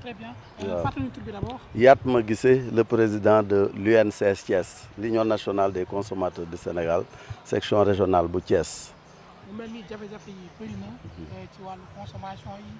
Très bien. Euh, Yatma Guissé, le président de l'UNCS Thiès, l'Union nationale des consommateurs de Sénégal, section régionale bu Thiès. mu mel ni jafe-jafe yi bëri na mhm. euh, ci wàllu consommation yi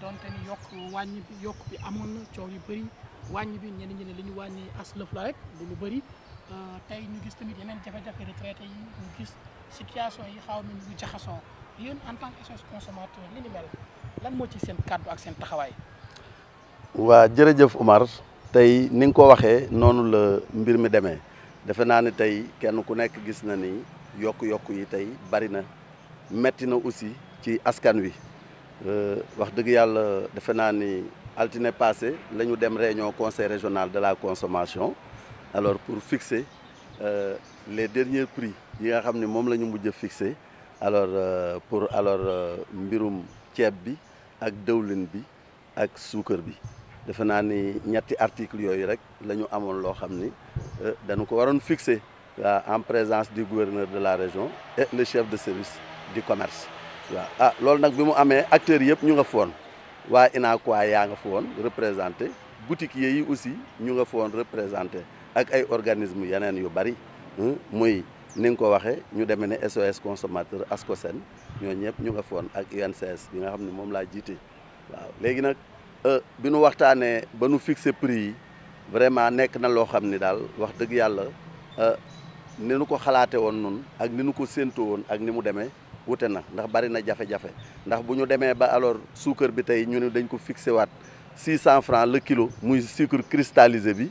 donte ni yokk wàññi bi yokk bi amoon na coow yu bëri wàññi bi ñenn ñi ne li ñu la rek du lu bëri. Euh, tey ñu gis tamit yeneen jafe-jafe retraité yi ñu gis situation yi xaw nañu ñu jaxasoo yéen en tant que SOS consommateur mel lan moo ci seen kàddu ak seen taxawaay. waa jërëjëf Umar tey ni nga ko waxee noonu la mbir mi demee defe naa ne tey kenn ku nekk gis na ni yokk yokk yi tey bari na metti na aussi ci askan wi euh, wax dëgg yàlla defe naa ni altine passé la ñu dem réunion conseil régional de la consommation alors pour fixer euh, les derniers prix yi nga xam ne moom la ñu mujj a fixé alors euh, pour alors euh, mbirum ceeb bi ak dëwlin bi ak suukar bi defe naa ni ñetti article yooyu rek la ñu amoon loo xam ni euh, dañu ko waroon fixé waaw en présence du gouverneur de la région et le chef de service du commerce waaw a ah, loolu nag bi mu amee acteurs yëpp ñu nga foon waa ko waa yaa nga foon représenté boutiquiers yi aussi ñu nga foon représenter ak ay organisme yeneen yu bari hmm, muy ni nga ko waxee ñu demee ne SOS consommateur ASCOSEN ñoo ñëpp ñu nga foon ak UNCS bi nga xam ne moom laa jiite waaw léegi nag euh, bi nu waxtaanee ba nu fixer prix yi vraiment nekk na loo xam ni daal wax dëgg yàlla euh, ni nu ko xalaate woon nun ak ni nu ko séentoo woon ak ni mu demee wute na ndax bari na jafe-jafe ndax bu ñu demee ba alors suukar bi tey ñu ne dañ ko fixé waat 600 francs le kilo muy sucre cristallisé bi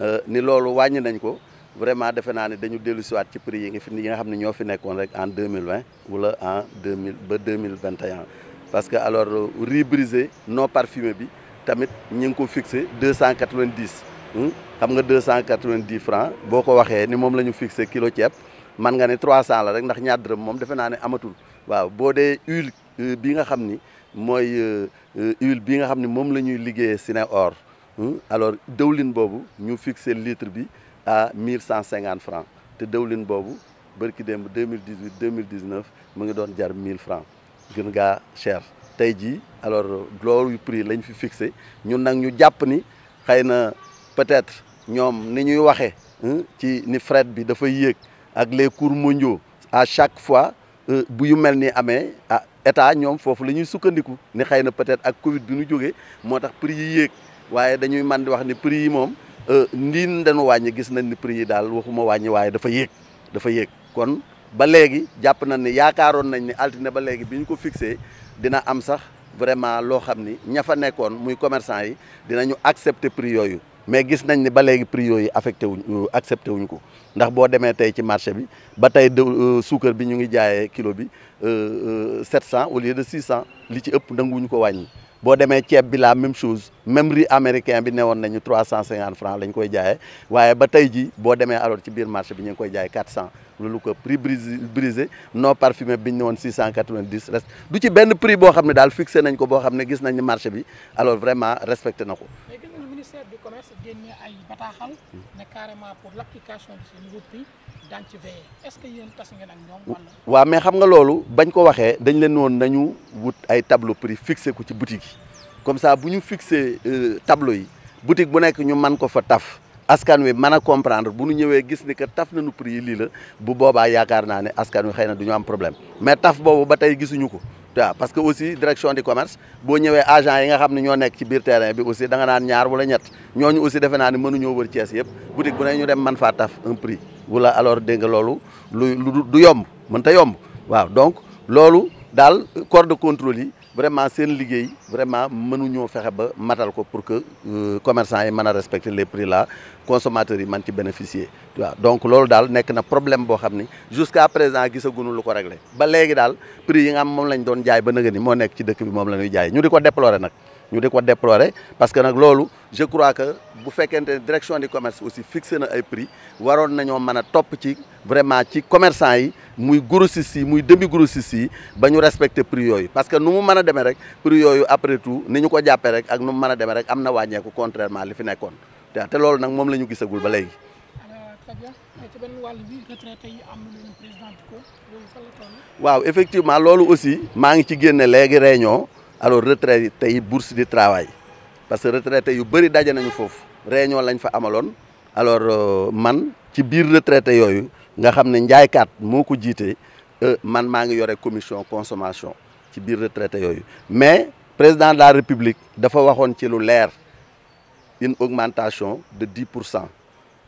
Euh, ni loolu wàññi nañ ko vraiment defe naa ne dañu dellu siwaat ci prix yi nga fi yi nga xam ne ñoo fi nekkoon rek en 2020 wala en 2000 ba 2021 parce que alors euh, riz brisé non parfumé bi tamit ñi ngi ko deux fixé 290 hmm? xam nga 290 francs boo ko waxee ni moom la ñu fixé kilo ceeb man nga ne 300 la rek ndax ñaar dërëm moom defe naa ne amatul waaw boo dee huile euh, bi nga xam ni mooy huile bi nga xam ni moom la ñuy si Sine Or Hmm? alors dëwlin boobu ñu fixe litre bi à mille cent cinquante francs te dëwlin boobu bërki démb deux mille dix huit deux mille dix neuf mu ngi doon jar mille francs gën gaa cher tey jii alors loolu prix lañ fi fixé ñun nag ñu jàpp ni xëy na peut-être ñoom ni ñuy waxee hmm, ci ni fret bi dafay yéeg ak les cours mondiaux à chaque fois euh, bu yu mel ni amee ah état ñoom foofu la ñuy sukkandiku ni xëy na peut-être ak Covid bi ñu jógee moo tax prix yi yéeg. waaye dañuy man di wax ni prix yi moom euh, ndiin dañu wàññi gis nañ ni prix yi daal waxuma wàññi waaye dafa yéeg dafa yéeg kon ba léegi jàpp nañ ni yaakaaroon nañ ni altine ba léegi bi ñu ko fixé dina am sax vraiment loo xam ni ña fa nekkoon muy commerçant yi dinañu accepter prix yooyu mais gis nañ ni ba léegi prix yooyu affecté wuñ euh, accepté wuñ ko ndax boo demee tey ci marché bi ba tey euh, suukar bi ñu ngi jaayee kilo bi 700 au lieu de 600 li ci ëpp nanguwuñ ko wàññi. boo demee ceeb bi la même chose même riz américain bi newoon nañu trois cent cinquante francs lañ koy jaayee waaye ba tey ji boo demee alors ci biir marché bi ñu ngi koy jaay quatre cent loolu ko prix brisé non parfumé bi ñu ne woon six cent quatre vingt du ci benn prix boo xam ne daal fixé nañ ko boo xam ne gis nañ marché bi alors vraiment respecté na ko ministère du daan ci veillé est-ce que waaw mais xam nga loolu bañ ko waxee dañ leen woon nañu wut ay tableau prix fixé ko ci boutique yi comme ça bu ñu fixé euh, tableau yi boutique bu nekk ñu man ko fa taf askan wi man a comprendre bu nu ñëwee gis ni que taf na nañu prix yi lii la bu booba yaakaar naa ne askan wi xëy na duñu am problème mais taf boobu ba tey gisuñu ko. waaw parce que aussi direction du commerce boo ñëwee agent yi nga xam ne ñoo nekk ci biir terrain bi aussi da nga naan ñaar wala ñett ñooñu aussi defe naa ne mënuñoo wër Thiès yëpp boutique bu ne ñu dem man faa taf un prix wala alors dégg loolu du yomb mën ta yomb waaw donc loolu daal corps de contrôle vraiment seen liggéey vraiment mënuñoo fexe ba matal ko pour que euh, commerçant yi mën a respecter les prix la consommateurs yi man ci bénéficier waaw donc loolu daal nekk na problème boo xam ni jusqu'à présent gisaguñu lu ko réglé ba léegi daal prix yi nga xam moom lañ doon jaay ba nëga moo nekk ci dëkk bi moom la ñuy jaay ñu di ko déplorer nag ñu di ko déplorer parce que nag loolu je crois que bu fekkente ne direction du commerce aussi fixé na ay prix waroon nañoo mën a topp ci vraiment ci commerçant yi muy grossistes muy demi grossistes yi ba ñu respecté prix yooyu parce que nu mu mën a demee rek prix yooyu après tout ni ñu ko jàppee rek ak nu mu mën a demee rek am na wàññeeku contrairement li fi nekkoon te te loolu nag moom lañu ñu gisagul ba léegi. waaw effectivement loolu aussi maa ngi ci génne léegi réunion alors retraité yi bourse di travail parce que retraité yu bëri daje nañu foofu réunion lañ fa amaloon alors euh, man ci biir retraité yooyu. nga xam ne njaaykaat moo ko jiite euh, man maa ngi yore commission consommation ci biir retraité yooyu mais président de la république dafa waxoon ci lu leer une augmentation de dix pour cent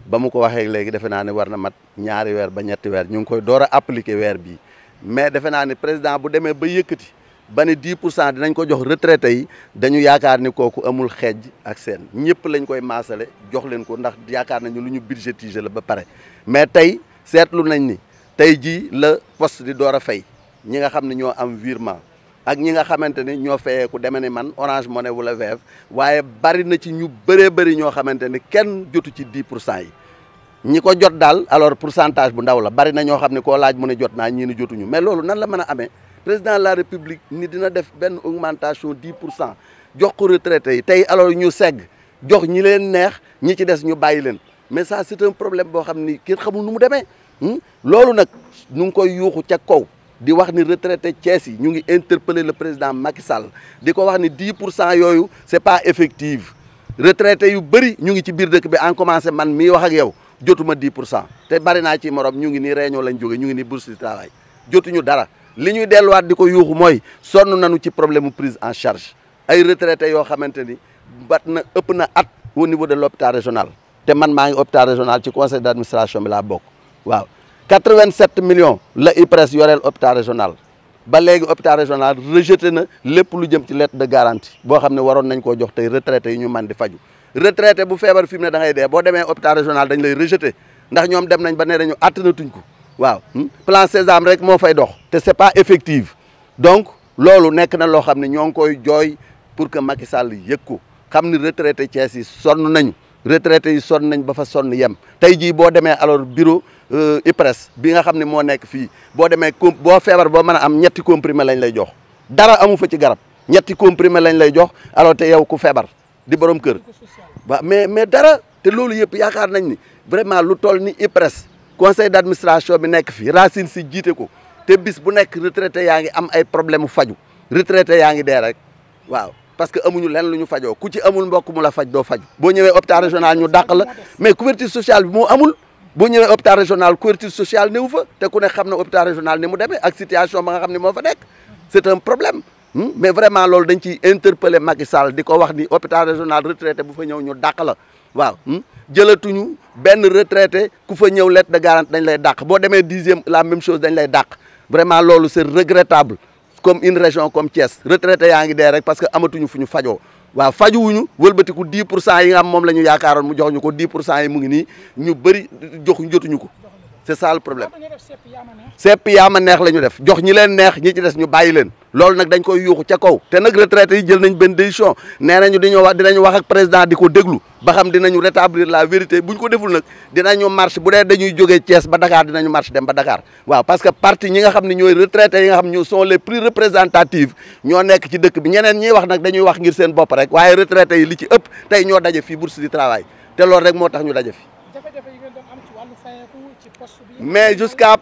ba mu ko waxee léegi defe naa ne war na mat ñaari weer ba ñetti weer ñu ngi koy door a appliquer weer bi mais defe naa ne président bu demee ba yëkkati ba ne dix pour cent dinañ ko jox retraités yi dañu yaakaar ni kooku amul xeej ak seen ñëpp lañ koy maasale jox leen ko ndax yaakaar nañu lu ñu budgétiser la ba pare mais tey seetlu nañ ni tey jii la poste di door a fay ñi nga xam ne ñoo am virement ak ñi nga xamante ni ñoo fayeeku deme ni man Orange Money wala Wave waaye bari na ci ñu bëree bëri ñoo xamante ni kenn jotu ci 10 pour cent yi ñi ko jot daal alors pour centage bu ndaw la bari na ñoo xam ne ko laaj mu ne jot naa ñii ni jotuñu mais loolu nan la mën a amee président la république ni dina def benn augmentation 10 pour cent jox ko retraités yi tey alors ñu seg jox ñi leen neex ñi ci des ñu bàyyi leen mais ça c'est un problème boo xam ni kenn xamul nu mu demee hmm? loolu nag ñu ngi koy yuuxu ca kaw di wax ni retraité Thiès yi ñu ngi interpeller le président Macky Sall di ko wax ni 10 pour cent yooyu c'est pas effective retraité yu bëri ñu ngi ci biir dëkk bi en commencé man mii wax ak yow jotuma di pour cent te bari naa ci morom ñu ngi ni réunion lañ jóge ñu ngi ni bourse du travail jotuñu dara li ñuy delluwaat di ko yuuxu mooy sonn nañu ci problème mu prise en charge ay retraité yoo xamante ni bat na ëpp na at au niveau de l'hôpital régional te man maa ngi hôpital régional ci conseil d' administration bi laa bokk waaw 87 million la IPRES yoreel hôpital régional ba léegi hôpital régional rejeté na lépp lu jëm ci lettre de garantie boo xam ne waroon nañ koo jox tey retraité yi ñu man di faju retraité bu feebar fi mu ne da ngay dee boo demee hôpital régional dañ lay rejeté ndax ñoom dem nañ ba ne dañu àttanatuñ ko waaw hmm? plan Sésame rek moo fay dox te c' pas effective donc loolu nekk na loo xam ne ñoo ngi koy jooy pour que Macky Sall yëg ko xam ni retraité Thiès yi sonn nañu retraités yi sonn nañ ba fa sonn yem tey jii boo demee alors bureau euh, IPRES bi nga xam ne moo nekk fii boo demee com boo feebar boo mën a am ñetti comprimé lañ lay jox dara amu fa ci garab ñetti comprimer lañ lay jox alors te yow ku feebar di borom kër waaw mais mais dara te loolu yëpp yaakaar nañ ni vraiment lu toll ni IPRES conseil d'administration bi nekk fi Racine si jiite ko te bis bu nekk retraité yaa ngi am ay problème mu faju retraité yaa ngi dee rek waaw parce que amuñu lenn lu ñu fajoo ku ci amu mbokk mu la faj doo faj boo ñëwee hôpital régional ñu dàq la mais couverture sociale bi moo amul boo ñëwee hôpital régional couverture social néew fa te ku ne xam na hôpital régional ni mu deme ak situation ba nga xam ne moo fa nekk c'est un problème hmm? mais vraiment loolu dañ ci interpeller Macky Sall di ko wax ni hôpital régional retraité bu fa ñëw ñu dàq la waaw hmm? jëlatuñu benn retraité ku fa ñëw lettre de garantie dañ lay dàq boo demee dixième la même chose dañ lay dàq vraiment loolu c'est regrettable comme une région comme Thiès retraité yaa ngi dee rek parce que amatuñu fu ñu fajoo waaw fajuwuñu wëlbatiku 10 pour cent yi nga am moom la ñu yaakaaroon mu jox ñu ko 10 pour cent yi mu ngi nii ñu bëri joxuñ jotuñu ko c'est ça le problème sepp yaa ma neex la ñu def jox ñi leen neex ñi ci des ñu bàyyi leen loolu nag dañ koy yuuxu ca kaw te nag retraités yi jël nañ benn décision nee nañu dañoo wax dinañu wax ak président di ko déglu ba xam dinañu rétablir la vérité buñ ko deful nag dinañu marche bu dee dañuy joge Thiès ba Dakar dinañu marche dem ba Dakar waaw parce que parti ñi nga xam ne ñooy retraités yi nga xam ne ñoo plus représentatives ñoo nekk ci dëkk bi ñeneen ñiy wax nag dañuy wax ngir seen bopp rek waaye retraités yi li ci ëpp tey ñoo daje fii bourse du travail te loolu rek moo tax ñu daje fi mais jusqu'à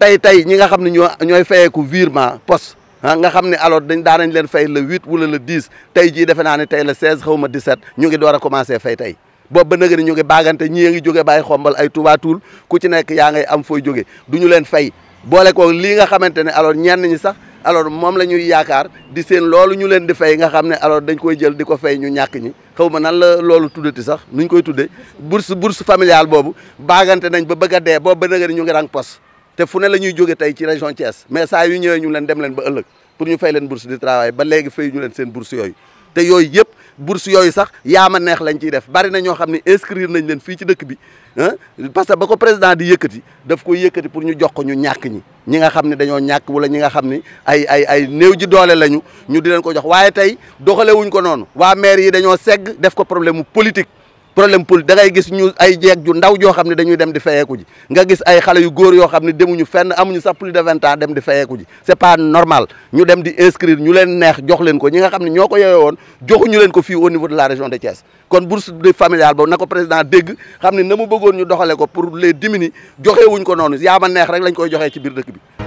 tey tey ñi nga xam ne ñoo ñooy fayeeku virement poste ah nga xam ne alors dañ daanañ leen fay le huit wala le dix tey ji defe naa ne tey le seize xaw ma dix-sept ñu ngi door a commencé fay tey boobu ba nag ñu ngi baagante ñii ngi jóge bàyyi xombal ay Touba Toul ku ci nekk yaa ngay am fooy jóge du ñu leen fay boole ko lii nga xamante ne alors ñenn ñi sax alors moom la ñuy yaakaar di seen loolu ñu leen di fay nga xam ne alors dañ koy jël di ko fay ñu ñàkk ñi xaw ma nan la loolu tuddati sax nuñ koy tuddee bourse bourse familiale boobu baagante nañ ba bëgg a dee boobu ba nag ñu ngi rang pos te fu ne la ñuy jóge tey ci région Thiès mais saa yu ñëwee ñu leen dem leen ba ëllëg pour ñu fay len bourse du travail ba léegi fay ñu leen seen bourse yooyu te yooyu yëpp bourse yooyu sax yaama neex lañ ciy def bari na ñoo xam ne inscrire nañ leen fii ci dëkk bi parce que ba ko président di yëkkati daf ko yëkkati pour ñu jox ko ñu ñàkk ñi ñi nga xam ne dañoo ñàkk wala ñi nga xam ne ay ay ay néew ji doole lañu ñu di leen ko jox waaye tey doxalewuñ ko noonu waa maire yi dañoo segg def ko problème mu politique problème poli dangay gis ñu ay jeeg ju ndaw joo xam ne dañuy dem di fayeeku ji nga gis ay xale yu góor yoo xam ne demuñu fenn amuñu sax plus de vingt ans dem di fayeeku ji c'est pas normal ñu dem di inscrire ñu leen neex jox leen ko ñi nga xam ne ñoo ko yeyoon joxuñu leen ko fii au niveau de la région de Thiès kon bourse de familiale boobu na ko président dégg xam na mu bëggoon ñu doxale ko pour les diminuer joxewuñ ko noonu yaa ma neex rek lañ koy joxee ci biir dëkk bi